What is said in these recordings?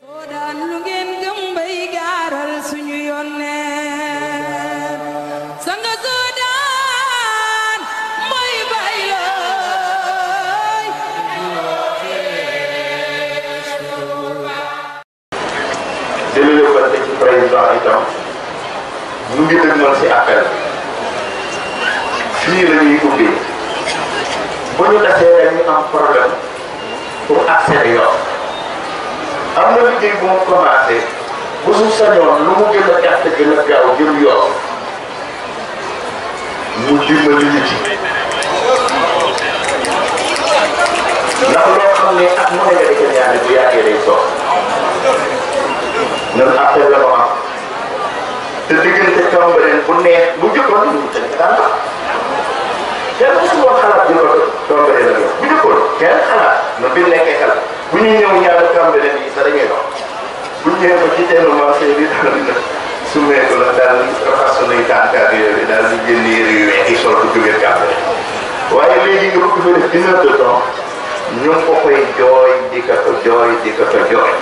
soo daan lu ngeen gëm bay gaaral suñu yónnee sanga soo daan mooy bay looy jëlale ko te ci président itam mu ngi dëgmal si appel fii la ñuy ubbee bu ñu dasee ñu am problème pour accès yoon am na liggéey bu mu commencé bu su sañoon lu mu a gàtt gën a gaaw jëm yoon mu dimbali ñu ci ndax loo xam ne ak mu ne nga dëkk ñaari bu yàggee day soog ñun appel la ko am te diggante Cambérène bu neex bu jëkkoon ñu tënk daan la kenn mosu woon xalaat jëkkoon Cambérène la bu jëkkoon kenn xalaat ñun bi nekkee xalaat bu ñuy ñëw ñaari Cambérène yi nee ba ci teenu marché bi daal na su meeku la daal raxas sunuy kàddaar yooyu daal di jënd yére yu weex yi sol ko jógee kàddu waaye léegi nga bëgg fa def une heure de temps ñu ngi ko koy jooy di ko ko jooy di ko ko jooy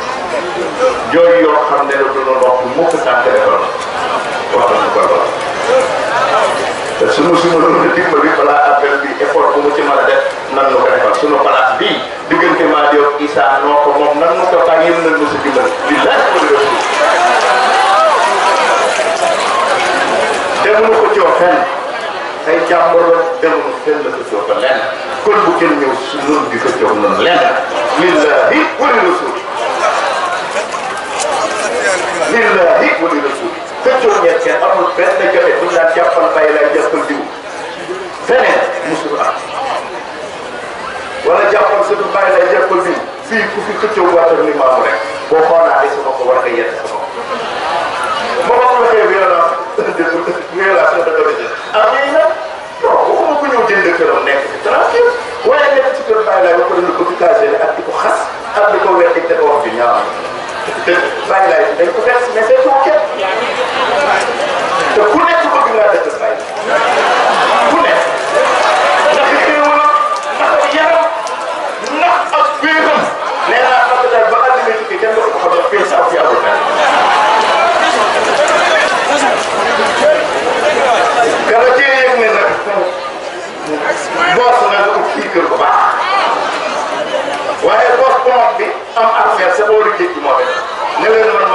jooy yoo xam ne la duna ndox mukk sans téléphone wax na ko te suma suma doon dimbali balaa loolu demul kenn la ko jox ba lenn kon bu kenn ñëw si noonu di ko jox noonu lenn lillahi wa li rasul lillahi wa li rasul te coow ñeent kenn amul benn joxe bu ñu daan jàppal bàyyi lay jàppal diw feneen musul am wala jàppal sa du bàyyi lay jàppal diw fii ku fi xëccoo waatal ni maamu rek boo xoolaatee sama ko war nga yedd sama ko moo ko waxee violence laaj laaj dañ ko def mais c'est tout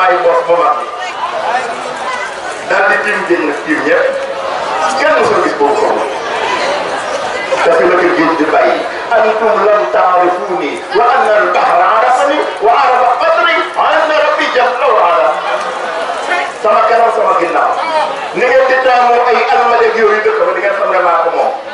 ay bos ba mag daal di tiim génn tiim ñëpp kenn mosoo gis boobu xaw dafa la ko géej di bàyyi antum lam taarifuuni wa anna al bahra arafani wa arafa qadri wa anna rabbi jalla wa ala sama kanam sama ginnaaw ni ngeen di taamu ay almal ak yooyu dëkk ba di ngeen xam ne maa ko moom